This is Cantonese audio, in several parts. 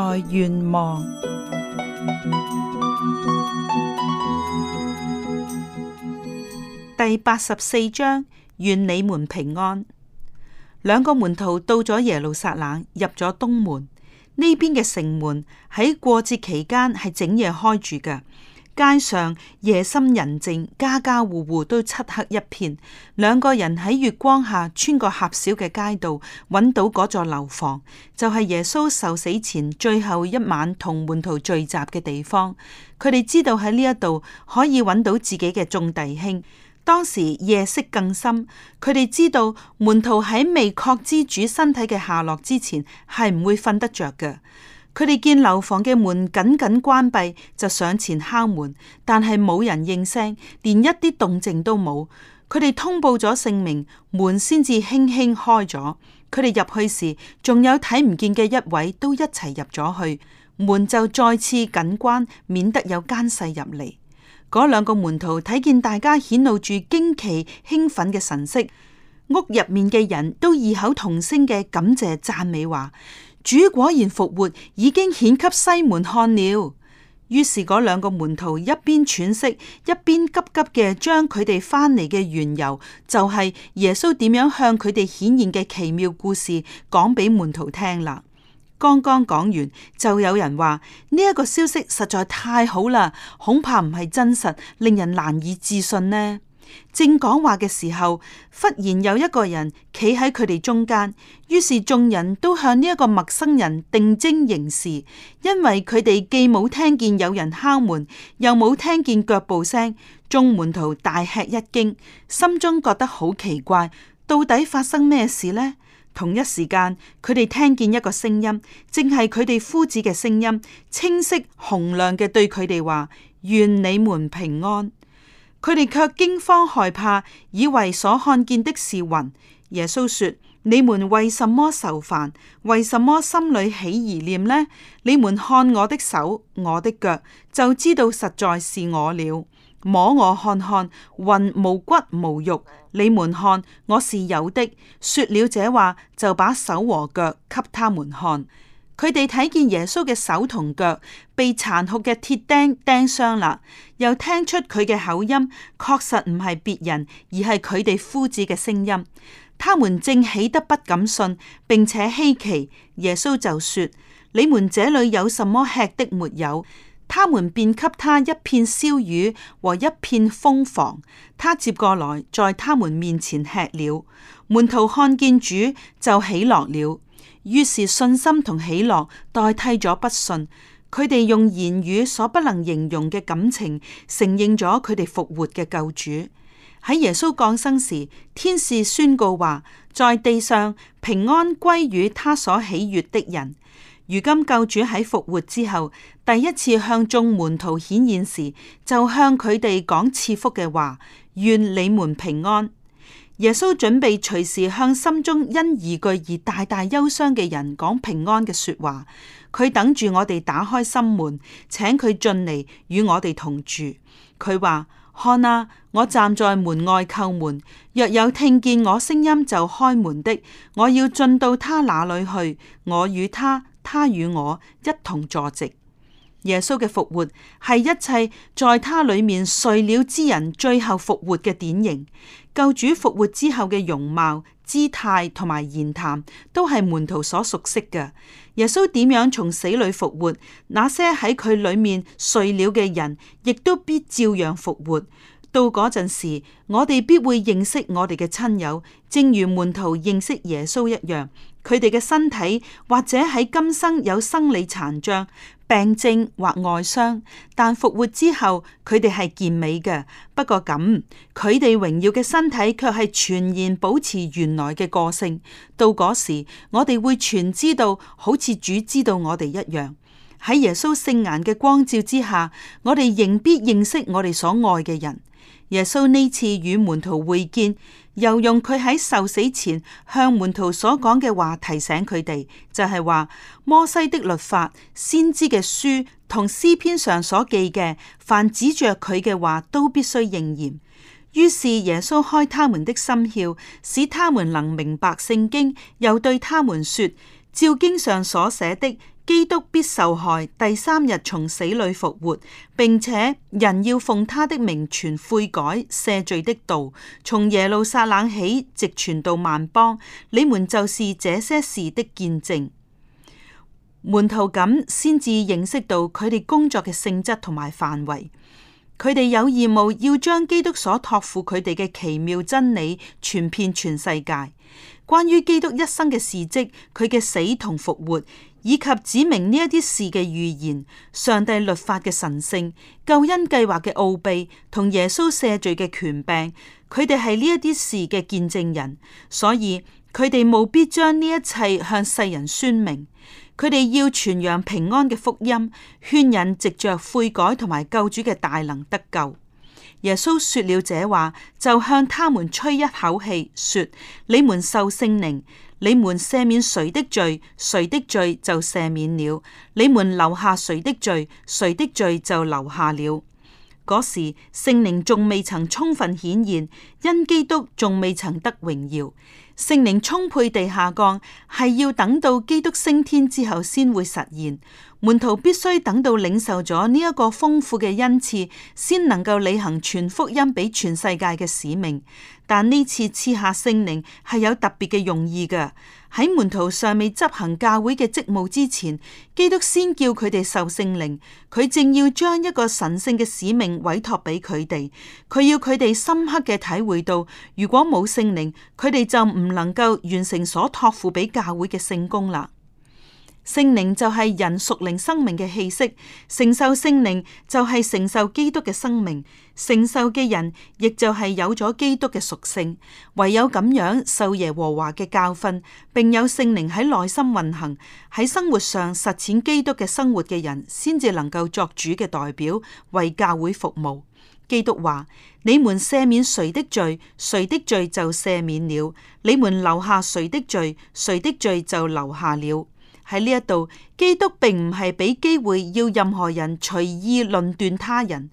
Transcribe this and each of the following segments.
在願望第八十四章，願你們平安。兩個門徒到咗耶路撒冷，入咗東門。呢邊嘅城門喺過節期間係整夜開住嘅。街上夜深人靜，家家戶戶都漆黑一片。兩個人喺月光下穿過狹小嘅街道，揾到嗰座樓房，就係耶穌受死前最後一晚同門徒聚集嘅地方。佢哋知道喺呢一度可以揾到自己嘅眾弟兄。當時夜色更深，佢哋知道門徒喺未確知主身體嘅下落之前，係唔會瞓得着嘅。佢哋見樓房嘅門緊緊關閉，就上前敲門，但係冇人應聲，連一啲動靜都冇。佢哋通報咗姓名，門先至輕輕開咗。佢哋入去時，仲有睇唔見嘅一位都一齊入咗去，門就再次緊關，免得有奸細入嚟。嗰兩個門徒睇見大家顯露住驚奇興奮嘅神色，屋入面嘅人都異口同聲嘅感謝讚美話主果然復活，已經顯給西門看了。於是嗰兩個門徒一邊喘息，一邊急急嘅將佢哋翻嚟嘅緣由，就係耶穌點樣向佢哋顯現嘅奇妙故事，講俾門徒聽啦。剛剛講完，就有人話呢一個消息實在太好啦，恐怕唔係真實，令人難以置信呢。正講話嘅時候，忽然有一個人企喺佢哋中間，於是眾人都向呢一個陌生人定睛凝視，因為佢哋既冇聽見有人敲門，又冇聽見腳步聲，眾門徒大吃一驚，心中覺得好奇怪，到底發生咩事呢？同一時間，佢哋聽見一個聲音，正係佢哋夫子嘅聲音，清晰洪亮嘅對佢哋話：願你們平安。佢哋卻驚慌害怕，以為所看見的是魂。耶穌說：你們為什麼愁煩？為什麼心裏起疑念呢？你們看我的手、我的腳，就知道實在是我了。摸我看看，魂無骨無肉，你們看我是有的。說了這話，就把手和腳給他們看。佢哋睇見耶穌嘅手同腳被殘酷嘅鐵釘釘傷啦，又聽出佢嘅口音，確實唔係別人，而係佢哋夫子嘅聲音。他們正喜得不敢信，並且稀奇。耶穌就說：你們這裏有什麼吃的沒有？他們便給他一片燒魚和一片蜂房。他接過來，在他們面前吃了。門徒看見主就喜樂了。於是信心同喜樂代替咗不信，佢哋用言語所不能形容嘅感情，承認咗佢哋復活嘅救主。喺耶穌降生時，天使宣告話：在地上平安歸於他所喜悅的人。如今救主喺復活之後，第一次向眾門徒顯現時，就向佢哋講賜福嘅話，願你們平安。耶穌準備隨時向心中因疑懼而大大憂傷嘅人講平安嘅說話，佢等住我哋打開心門，請佢進嚟與我哋同住。佢話：看啊，我站在門外叩門，若有聽見我聲音就開門的，我要進到他那裏去，我與他，他與我一同坐席。耶穌嘅復活係一切在他裏面睡了之人最後復活嘅典型。救主復活之後嘅容貌、姿態同埋言談，都係門徒所熟悉嘅。耶穌點樣從死裏復活？那些喺佢裏面睡了嘅人，亦都必照樣復活。到嗰陣時，我哋必會認識我哋嘅親友，正如門徒認識耶穌一樣。佢哋嘅身體或者喺今生有生理殘障。病症或外傷，但復活之後，佢哋係健美嘅。不過咁，佢哋榮耀嘅身體卻係全然保持原來嘅個性。到嗰時，我哋會全知道，好似主知道我哋一樣。喺耶穌聖顏嘅光照之下，我哋仍必認識我哋所愛嘅人。耶穌呢次與門徒會見。又用佢喺受死前向門徒所講嘅話提醒佢哋，就係話摩西的律法、先知嘅書同詩篇上所記嘅，凡指着佢嘅話都必須應驗。於是耶穌開他們的心竅，使他們能明白聖經，又對他們說：照經上所寫的。基督必受害，第三日從死裏復活，並且人要奉他的名傳悔改、赦罪的道，從耶路撒冷起，直傳到萬邦。你們就是這些事的見證。門徒咁先至認識到佢哋工作嘅性質同埋範圍，佢哋有義務要將基督所託付佢哋嘅奇妙真理傳遍全世界。關於基督一生嘅事跡，佢嘅死同復活，以及指明呢一啲事嘅預言，上帝律法嘅神聖，救恩計劃嘅奧秘，同耶穌赦罪嘅權柄，佢哋係呢一啲事嘅見證人，所以佢哋務必將呢一切向世人宣明。佢哋要傳揚平安嘅福音，勸引藉着悔改同埋救主嘅大能得救。耶穌說了這話，就向他們吹一口氣，說：你們受聖靈，你們赦免誰的罪，誰的罪就赦免了；你們留下誰的罪，誰的罪就留下了。嗰時，聖靈仲未曾充分顯現，因基督仲未曾得榮耀。聖靈充沛地下降，係要等到基督升天之後先會實現。門徒必須等到領受咗呢一個豐富嘅恩賜，先能夠履行全福音俾全世界嘅使命。但呢次賜下聖靈係有特別嘅用意㗎。喺門徒尚未執行教會嘅職務之前，基督先叫佢哋受聖靈。佢正要將一個神聖嘅使命委託俾佢哋。佢要佢哋深刻嘅體會到，如果冇聖靈，佢哋就唔能夠完成所託付俾教會嘅聖工啦。聖靈就係人屬靈生命嘅氣息，承受聖靈就係承受基督嘅生命，承受嘅人亦就係有咗基督嘅屬性。唯有咁樣受耶和華嘅教訓，並有聖靈喺內心運行，喺生活上實踐基督嘅生活嘅人，先至能夠作主嘅代表，為教會服務。基督話：你們赦免誰的罪，誰的罪就赦免了；你們留下誰的罪，誰的罪就留下了。喺呢一度，基督並唔係俾機會要任何人隨意論斷他人。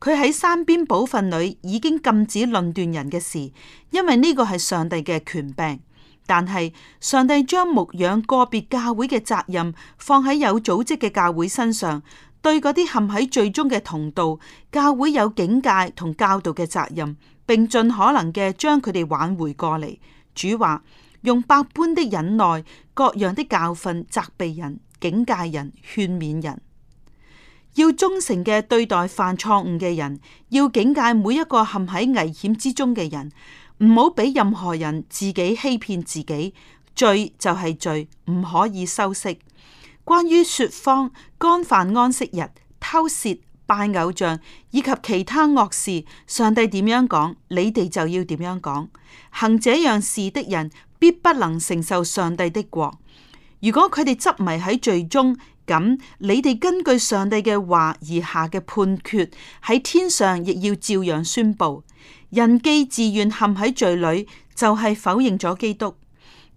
佢喺山邊寶訓裏已經禁止論斷人嘅事，因為呢個係上帝嘅權柄。但係上帝將牧養個別教會嘅責任放喺有組織嘅教會身上，對嗰啲陷喺最終嘅同道，教會有警戒同教導嘅責任，並盡可能嘅將佢哋挽回過嚟。主話。用百般的忍耐，各樣的教訓責備人、警戒人、勸勉人，要忠誠嘅對待犯錯誤嘅人，要警戒每一個陷喺危險之中嘅人，唔好俾任何人自己欺騙自己。罪就係罪，唔可以修飾。關於說謊、干犯安息日、偷竊、拜偶像以及其他惡事，上帝點樣講，你哋就要點樣講。行這樣事的人。必不能承受上帝的國。如果佢哋執迷喺罪中，咁你哋根據上帝嘅話而下嘅判決喺天上亦要照樣宣布。人既自願陷喺罪裏，就係否認咗基督。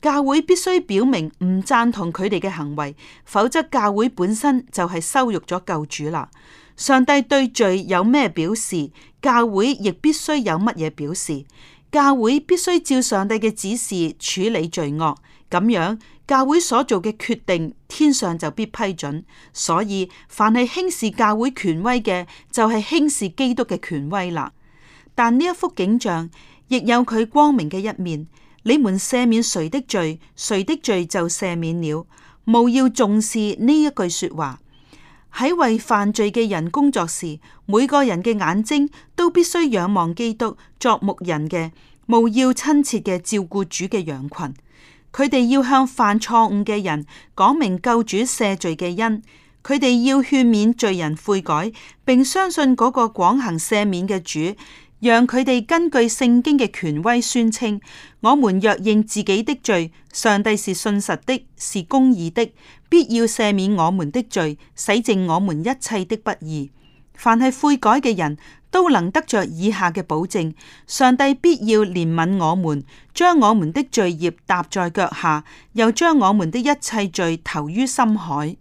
教會必須表明唔讚同佢哋嘅行為，否則教會本身就係羞辱咗救主啦。上帝對罪有咩表示，教會亦必須有乜嘢表示。教會必須照上帝嘅指示處理罪惡，咁樣，教會所做嘅決定，天上就必批准。所以，凡係輕視教會權威嘅，就係、是、輕視基督嘅權威啦。但呢一幅景象，亦有佢光明嘅一面。你們赦免誰的罪，誰的罪就赦免了。務要重視呢一句說話。喺為犯罪嘅人工作時，每個人嘅眼睛都必須仰望基督作牧人嘅，務要親切嘅照顧主嘅羊群。佢哋要向犯錯誤嘅人講明救主赦罪嘅恩，佢哋要勸勉罪人悔改，並相信嗰個廣行赦免嘅主。讓佢哋根據聖經嘅權威宣稱：我們若認自己的罪，上帝是信實的，是公義的，必要赦免我們的罪，洗淨我們一切的不義。凡係悔改嘅人都能得着以下嘅保證：上帝必要憐憫我們，將我們的罪孽踏在腳下，又將我們的一切罪投於深海。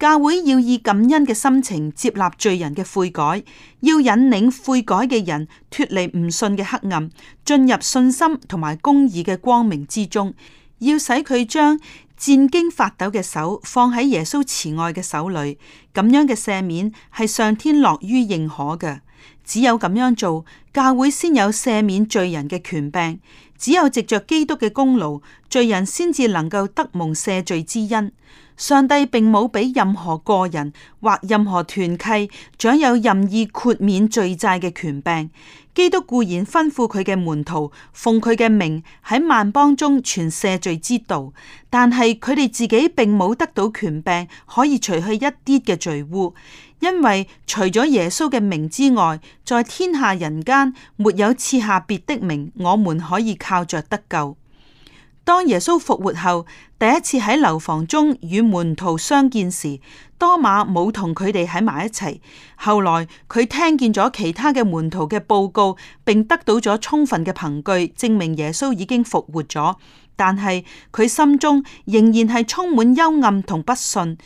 教會要以感恩嘅心情接納罪人嘅悔改，要引領悔改嘅人脱離唔信嘅黑暗，進入信心同埋公義嘅光明之中，要使佢將戰兢發抖嘅手放喺耶穌慈愛嘅手裏。咁樣嘅赦免係上天樂於認可嘅，只有咁樣做，教會先有赦免罪人嘅權柄。只有藉着基督嘅功勞，罪人先至能夠得蒙赦罪之恩。上帝並冇俾任何個人或任何團契掌有任意豁免罪債嘅權柄。基督固然吩咐佢嘅門徒奉佢嘅名喺萬邦中傳赦罪之道，但係佢哋自己並冇得到權柄可以除去一啲嘅罪污，因為除咗耶穌嘅名之外，在天下人間沒有賜下別的名，我們可以靠着得救。當耶穌復活後，第一次喺樓房中與門徒相見時，多馬冇同佢哋喺埋一齊。後來佢聽見咗其他嘅門徒嘅報告，並得到咗充分嘅憑據，證明耶穌已經復活咗。但係佢心中仍然係充滿幽暗同不信。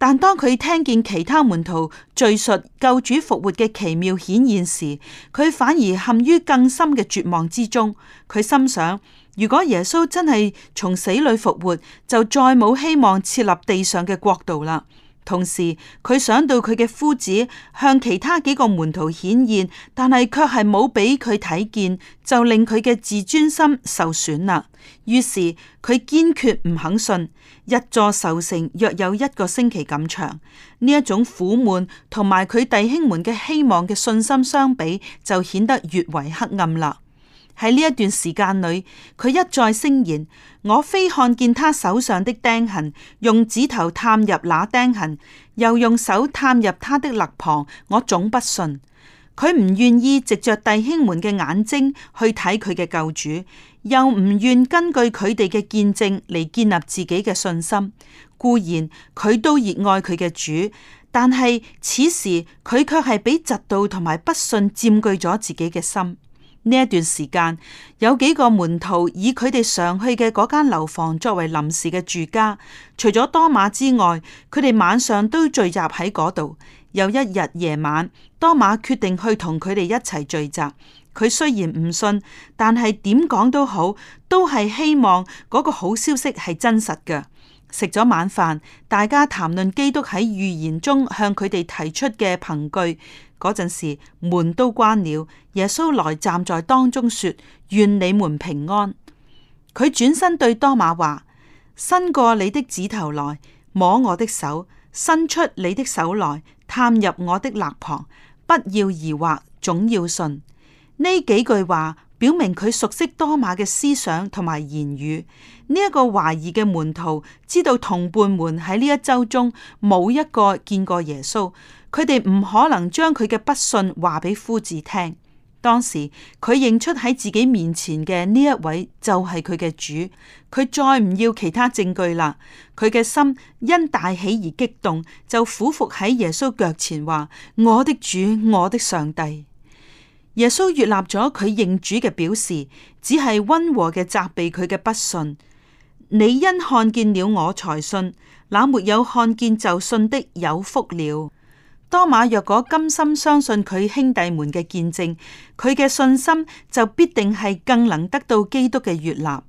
但當佢聽見其他門徒敘述救主復活嘅奇妙顯現時，佢反而陷於更深嘅絕望之中。佢心想：如果耶穌真係從死裏復活，就再冇希望設立地上嘅國度啦。同時，佢想到佢嘅夫子向其他幾個門徒顯現，但係卻係冇俾佢睇見，就令佢嘅自尊心受損啦。於是佢堅決唔肯信。一座受城若有一個星期咁長，呢一種苦悶同埋佢弟兄們嘅希望嘅信心相比，就顯得越為黑暗啦。喺呢一段時間裏，佢一再聲言：我非看見他手上的釘痕，用指頭探入那釘痕，又用手探入他的肋旁，我總不信。佢唔願意藉着弟兄們嘅眼睛去睇佢嘅救主，又唔願意根據佢哋嘅見證嚟建立自己嘅信心。固然佢都熱愛佢嘅主，但係此時佢卻係俾嫉妒同埋不信占據咗自己嘅心。呢一段時間，有幾個門徒以佢哋常去嘅嗰間樓房作為臨時嘅住家。除咗多馬之外，佢哋晚上都聚集喺嗰度。有一日夜晚，多馬決定去同佢哋一齊聚集。佢雖然唔信，但係點講都好，都係希望嗰個好消息係真實嘅。食咗晚飯，大家談論基督喺預言中向佢哋提出嘅憑據。嗰陣時門都關了，耶穌來站在當中說：願你們平安。佢轉身對多馬話：伸過你的指頭來摸我的手，伸出你的手來探入我的肋旁，不要疑惑，總要信。呢幾句話。表明佢熟悉多瑪嘅思想同埋言語。呢一個懷疑嘅門徒知道同伴們喺呢一周中冇一個見過耶穌，佢哋唔可能將佢嘅不信話俾夫子聽。當時佢認出喺自己面前嘅呢一位就係佢嘅主，佢再唔要其他證據啦。佢嘅心因大喜而激動，就俯伏喺耶穌腳前話：「我的主，我的上帝。耶穌悅納咗佢認主嘅表示，只係温和嘅責備佢嘅不信。你因看見了我才信，那沒有看見就信的有福了。多馬若果甘心相信佢兄弟們嘅見證，佢嘅信心就必定係更能得到基督嘅悅納。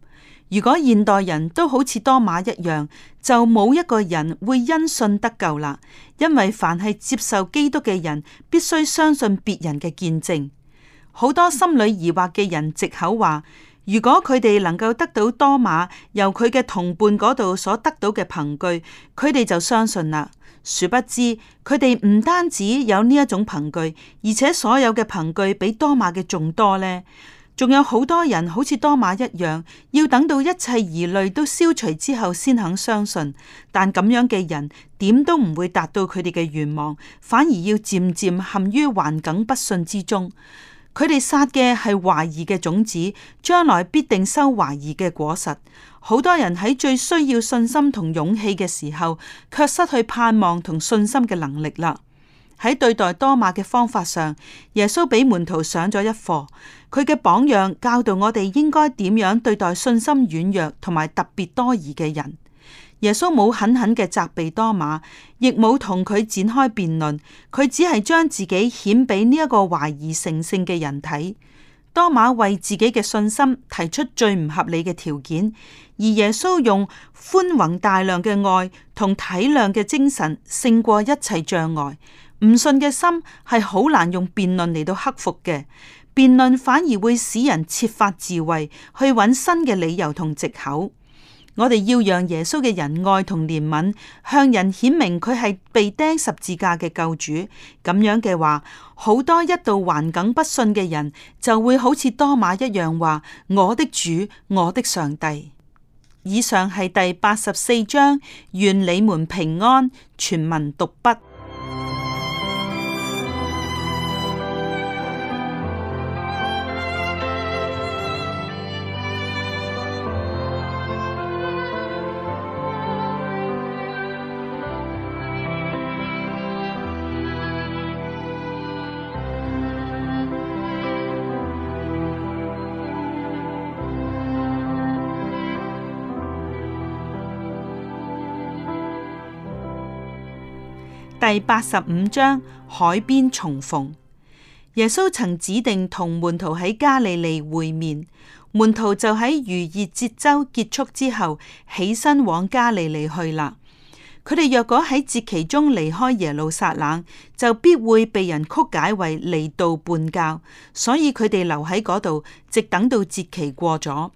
如果現代人都好似多馬一樣，就冇一個人會因信得救啦，因為凡係接受基督嘅人，必須相信別人嘅見證。好多心裏疑惑嘅人，借口話如果佢哋能夠得到多馬由佢嘅同伴嗰度所得到嘅憑據，佢哋就相信啦。殊不知佢哋唔單止有呢一種憑據，而且所有嘅憑據比多馬嘅仲多咧。仲有好多人好似多馬一樣，要等到一切疑慮都消除之後先肯相信。但咁樣嘅人點都唔會達到佢哋嘅願望，反而要漸漸陷於環境不信之中。佢哋撒嘅係懷疑嘅種子，將來必定收懷疑嘅果實。好多人喺最需要信心同勇氣嘅時候，卻失去盼望同信心嘅能力啦。喺對待多馬嘅方法上，耶穌俾門徒上咗一課，佢嘅榜樣教導我哋應該點樣對待信心軟弱同埋特別多疑嘅人。耶穌冇狠狠嘅責備多馬，亦冇同佢展開辯論，佢只係將自己顯俾呢一個懷疑成性嘅人睇。多馬為自己嘅信心提出最唔合理嘅條件，而耶穌用寬宏大量嘅愛同體諒嘅精神勝過一切障礙。唔信嘅心係好難用辯論嚟到克服嘅，辯論反而會使人設法自衛，去揾新嘅理由同藉口。我哋要讓耶穌嘅仁愛同憐憫向人顯明佢係被釘十字架嘅救主，咁樣嘅話，好多一度硬頸不信嘅人就會好似多馬一樣話：我的主，我的上帝。以上係第八十四章，願你們平安。全文讀畢。第八十五章海邊重逢。耶穌曾指定同門徒喺加利利會面，門徒就喺逾越節周結束之後起身往加利利去啦。佢哋若果喺節期中離開耶路撒冷，就必會被人曲解為離道叛教，所以佢哋留喺嗰度，直等到節期過咗。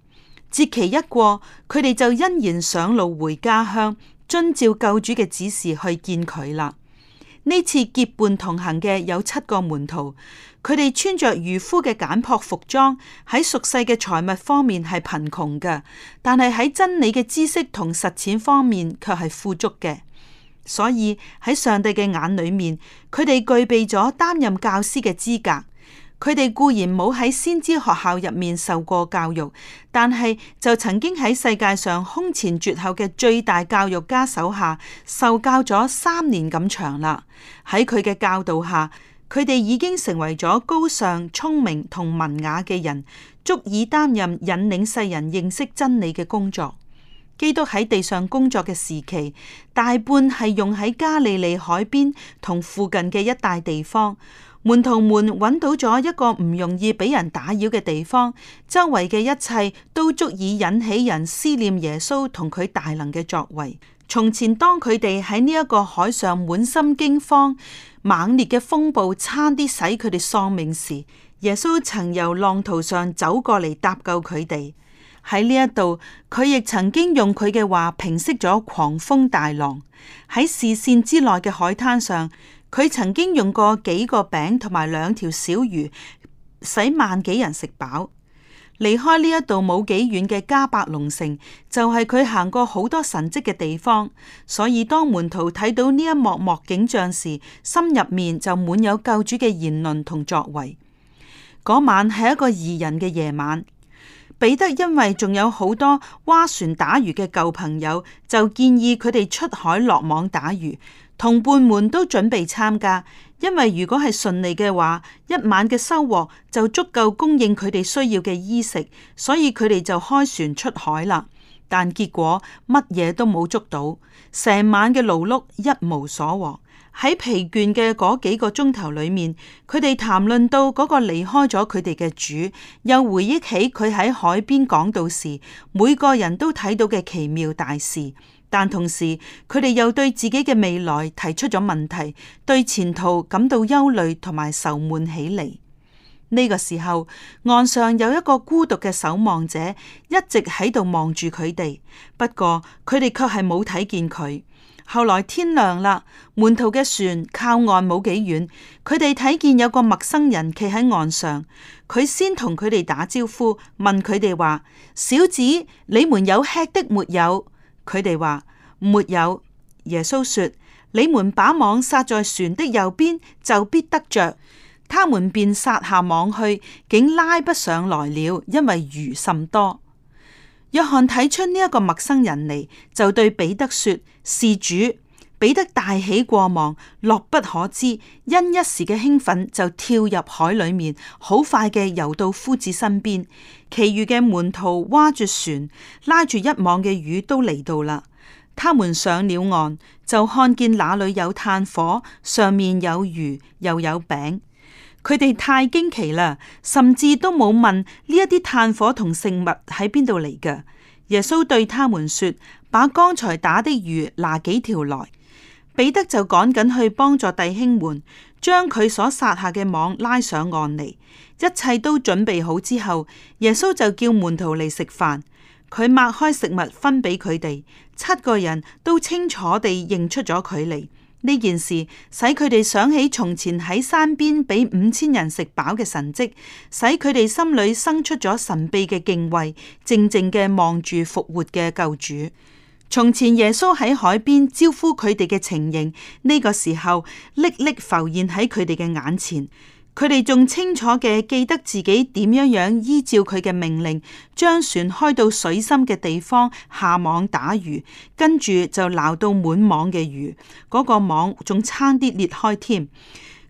節期一過，佢哋就欣然上路回家鄉，遵照救主嘅指示去見佢啦。呢次結伴同行嘅有七個門徒，佢哋穿着漁夫嘅簡樸服裝，喺俗世嘅財物方面係貧窮嘅，但係喺真理嘅知識同實踐方面卻係富足嘅，所以喺上帝嘅眼裏面，佢哋具備咗擔任教師嘅資格。佢哋固然冇喺先知學校入面受過教育，但係就曾經喺世界上空前絕後嘅最大教育家手下受教咗三年咁長啦。喺佢嘅教導下，佢哋已經成為咗高尚、聰明同文雅嘅人，足以擔任引領世人認識真理嘅工作。基督喺地上工作嘅時期，大半係用喺加利利海邊同附近嘅一帶地方。門徒們揾到咗一個唔容易俾人打擾嘅地方，周圍嘅一切都足以引起人思念耶穌同佢大能嘅作為。從前，當佢哋喺呢一個海上滿心驚慌、猛烈嘅風暴差啲使佢哋喪命時，耶穌曾由浪濤上走過嚟搭救佢哋。喺呢一度，佢亦曾經用佢嘅話平息咗狂風大浪。喺視線之內嘅海灘上，佢曾經用過幾個餅同埋兩條小魚，使萬幾人食飽。離開呢一度冇幾遠嘅加白龍城，就係、是、佢行過好多神跡嘅地方。所以當門徒睇到呢一幕幕景象時，心入面就滿有救主嘅言論同作為。嗰晚係一個怡人嘅夜晚，彼得因為仲有好多划船打魚嘅舊朋友，就建議佢哋出海落網打魚。同伴們都準備參加，因為如果係順利嘅話，一晚嘅收穫就足夠供應佢哋需要嘅衣食，所以佢哋就開船出海啦。但結果乜嘢都冇捉到，成晚嘅勞碌一無所獲。喺疲倦嘅嗰幾個鐘頭裏面，佢哋談論到嗰個離開咗佢哋嘅主，又回憶起佢喺海邊講到時，每個人都睇到嘅奇妙大事。但同時，佢哋又對自己嘅未來提出咗問題，對前途感到憂慮同埋愁悶起嚟。呢個時候，岸上有一個孤獨嘅守望者一直喺度望住佢哋，不過佢哋卻係冇睇見佢。後來天亮啦，門徒嘅船靠岸冇幾遠，佢哋睇見有個陌生人企喺岸上，佢先同佢哋打招呼，問佢哋話：小子，你們有吃的沒有？佢哋話沒有，耶穌說：你們把網撒在船的右邊，就必得着。他們便撒下網去，竟拉不上來了，因為魚甚多。約翰睇出呢一個陌生人嚟，就對彼得說：是主。彼得大喜過望，樂不可支，因一時嘅興奮就跳入海裏面，好快嘅游到夫子身邊。其餘嘅門徒挖住船，拉住一網嘅魚都嚟到啦。他們上了岸，就看見那裏有炭火，上面有魚又有餅。佢哋太驚奇啦，甚至都冇問呢一啲炭火同食物喺邊度嚟嘅。耶穌對他們說：把剛才打的魚拿幾條來。彼得就趕緊去幫助弟兄們，將佢所撒下嘅網拉上岸嚟。一切都準備好之後，耶穌就叫門徒嚟食飯，佢擘開食物分俾佢哋。七個人都清楚地認出咗佢嚟。呢件事使佢哋想起從前喺山邊俾五千人食飽嘅神蹟，使佢哋心裏生出咗神秘嘅敬畏，靜靜嘅望住復活嘅救主。從前耶穌喺海邊招呼佢哋嘅情形，呢、這個時候歷歷浮現喺佢哋嘅眼前。佢哋仲清楚嘅記得自己點樣樣依照佢嘅命令，將船開到水深嘅地方下網打魚，跟住就撈到滿網嘅魚，嗰、那個網仲差啲裂開添。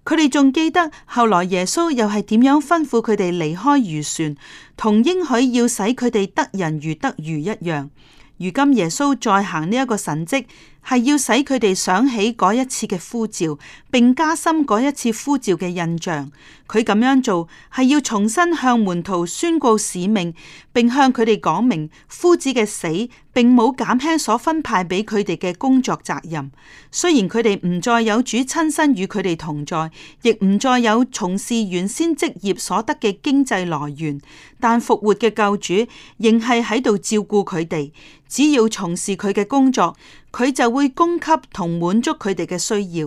佢哋仲記得後來耶穌又係點樣吩咐佢哋離開漁船，同應許要使佢哋得人如得魚一樣。如今耶穌再行呢一個神蹟。係要使佢哋想起嗰一次嘅呼召，並加深嗰一次呼召嘅印象。佢咁樣做，係要重新向門徒宣告使命，並向佢哋講明夫子嘅死，並冇減輕所分派俾佢哋嘅工作責任。雖然佢哋唔再有主親身與佢哋同在，亦唔再有從事原先職業所得嘅經濟來源，但復活嘅救主仍係喺度照顧佢哋，只要從事佢嘅工作。佢就會供給同滿足佢哋嘅需要，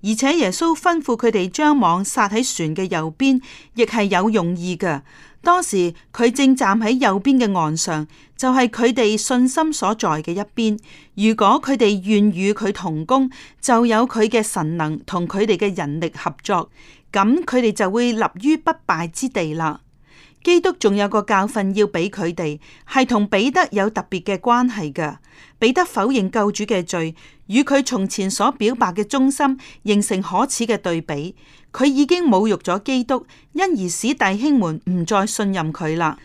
而且耶穌吩咐佢哋將網撒喺船嘅右邊，亦係有用意嘅。當時佢正站喺右邊嘅岸上，就係佢哋信心所在嘅一邊。如果佢哋願與佢同工，就有佢嘅神能同佢哋嘅人力合作，咁佢哋就會立於不敗之地啦。基督仲有個教訓要俾佢哋，係同彼得有特別嘅關係㗎。彼得否認救主嘅罪，與佢從前所表白嘅忠心形成可恥嘅對比。佢已經侮辱咗基督，因而使弟兄們唔再信任佢啦。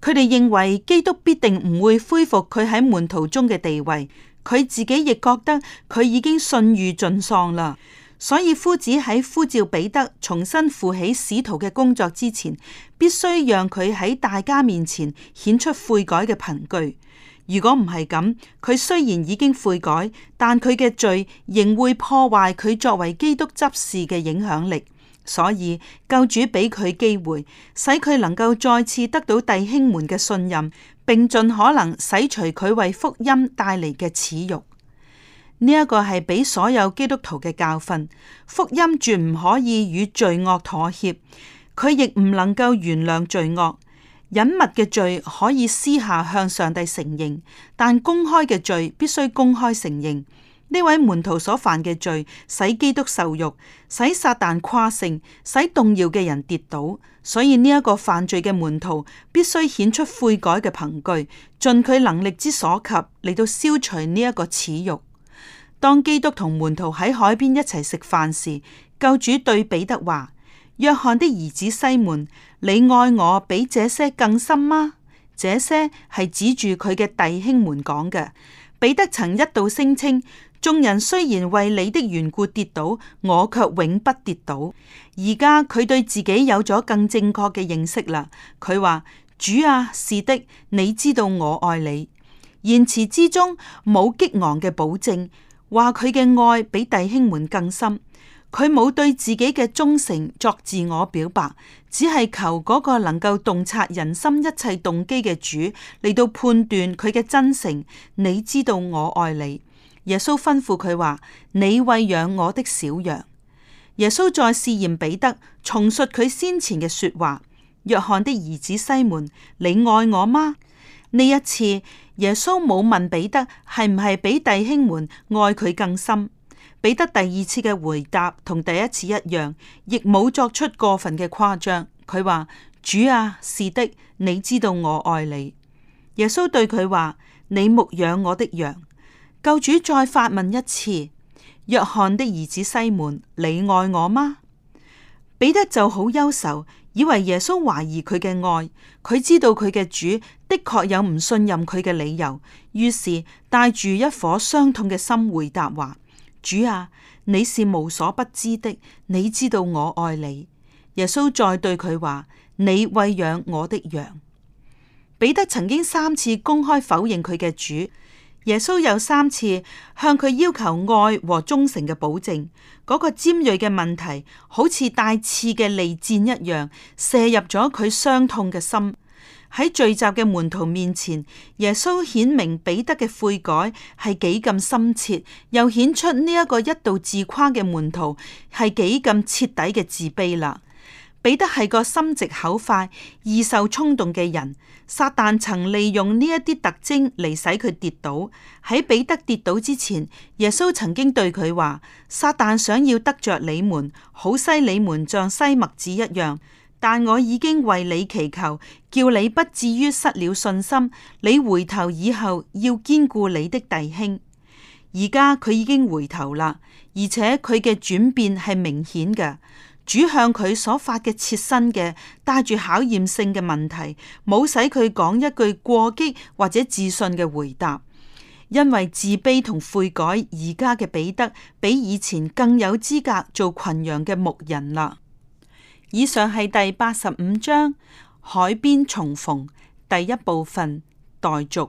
佢哋認為基督必定唔會恢復佢喺門徒中嘅地位，佢自己亦覺得佢已經信譽盡喪啦。所以夫子喺呼召彼得重新負起使徒嘅工作之前，必須讓佢喺大家面前顯出悔改嘅憑據。如果唔係咁，佢雖然已經悔改，但佢嘅罪仍會破壞佢作為基督執事嘅影響力。所以救主俾佢機會，使佢能夠再次得到弟兄們嘅信任，並盡可能洗除佢為福音帶嚟嘅恥辱。呢一個係俾所有基督徒嘅教訓。福音絕唔可以與罪惡妥協，佢亦唔能夠原諒罪惡。隱密嘅罪可以私下向上帝承認，但公開嘅罪必須公開承認。呢位門徒所犯嘅罪，使基督受辱，使撒旦誇勝，使動搖嘅人跌倒。所以呢一個犯罪嘅門徒必須顯出悔改嘅憑據，盡佢能力之所及嚟到消除呢一個恥辱。當基督同門徒喺海邊一齊食飯時，救主對彼得話：約翰的兒子西門，你愛我比這些更深嗎？這些係指住佢嘅弟兄們講嘅。彼得曾一度聲稱：眾人雖然為你的緣故跌倒，我卻永不跌倒。而家佢對自己有咗更正確嘅認識啦。佢話：主啊，是的，你知道我愛你。言辭之中冇激昂嘅保證。話佢嘅愛比弟兄們更深，佢冇對自己嘅忠誠作自我表白，只係求嗰個能夠洞察人心一切動機嘅主嚟到判斷佢嘅真誠。你知道我愛你。耶穌吩咐佢話：你餵養我的小羊。耶穌再試驗彼得，重述佢先前嘅說話：約翰的兒子西門，你愛我嗎？呢一次。耶穌冇問彼得係唔係比弟兄們愛佢更深，彼得第二次嘅回答同第一次一樣，亦冇作出過分嘅誇張。佢話：主啊，是的，你知道我愛你。耶穌對佢話：你牧養我的羊。救主再發問一次：約翰的兒子西門，你愛我嗎？彼得就好憂愁。以為耶穌懷疑佢嘅愛，佢知道佢嘅主的確有唔信任佢嘅理由，於是帶住一顆傷痛嘅心回答話：主啊，你是無所不知的，你知道我愛你。耶穌再對佢話：你餵養我的羊。彼得曾經三次公開否認佢嘅主。耶穌有三次向佢要求愛和忠誠嘅保證，嗰個尖銳嘅問題好似帶刺嘅利箭一樣射入咗佢傷痛嘅心。喺聚集嘅門徒面前，耶穌顯明彼得嘅悔改係幾咁深切，又顯出呢一個一度自誇嘅門徒係幾咁徹底嘅自卑啦。彼得係個心直口快、易受衝動嘅人。撒旦曾利用呢一啲特徵嚟，使佢跌倒。喺彼得跌倒之前，耶穌曾經對佢話：撒旦想要得着你們，好篩你們像篩麥子一樣。但我已經為你祈求，叫你不至於失了信心。你回頭以後要堅固你的弟兄。而家佢已經回頭啦，而且佢嘅轉變係明顯嘅。主向佢所發嘅切身嘅帶住考驗性嘅問題，冇使佢講一句過激或者自信嘅回答，因為自卑同悔改，而家嘅彼得比以前更有資格做群羊嘅牧人啦。以上係第八十五章海邊重逢第一部分待續。